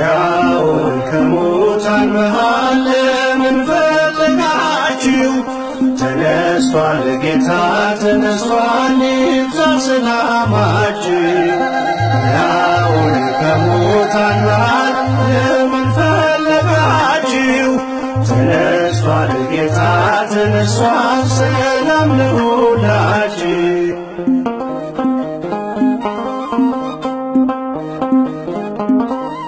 ያውን ከሙታን መሃል ለምን ፈለጋችሁ? ተነስቷል ጌታ ተነስቷል፣ ይብዛ ሰላማችሁ። ያውን ከሙታን መሃል ለምን ፈለጋችሁ? ተነስቷል ጌታ ተነስቷል፣ ሰላም ለሁላችሁ። Thank you.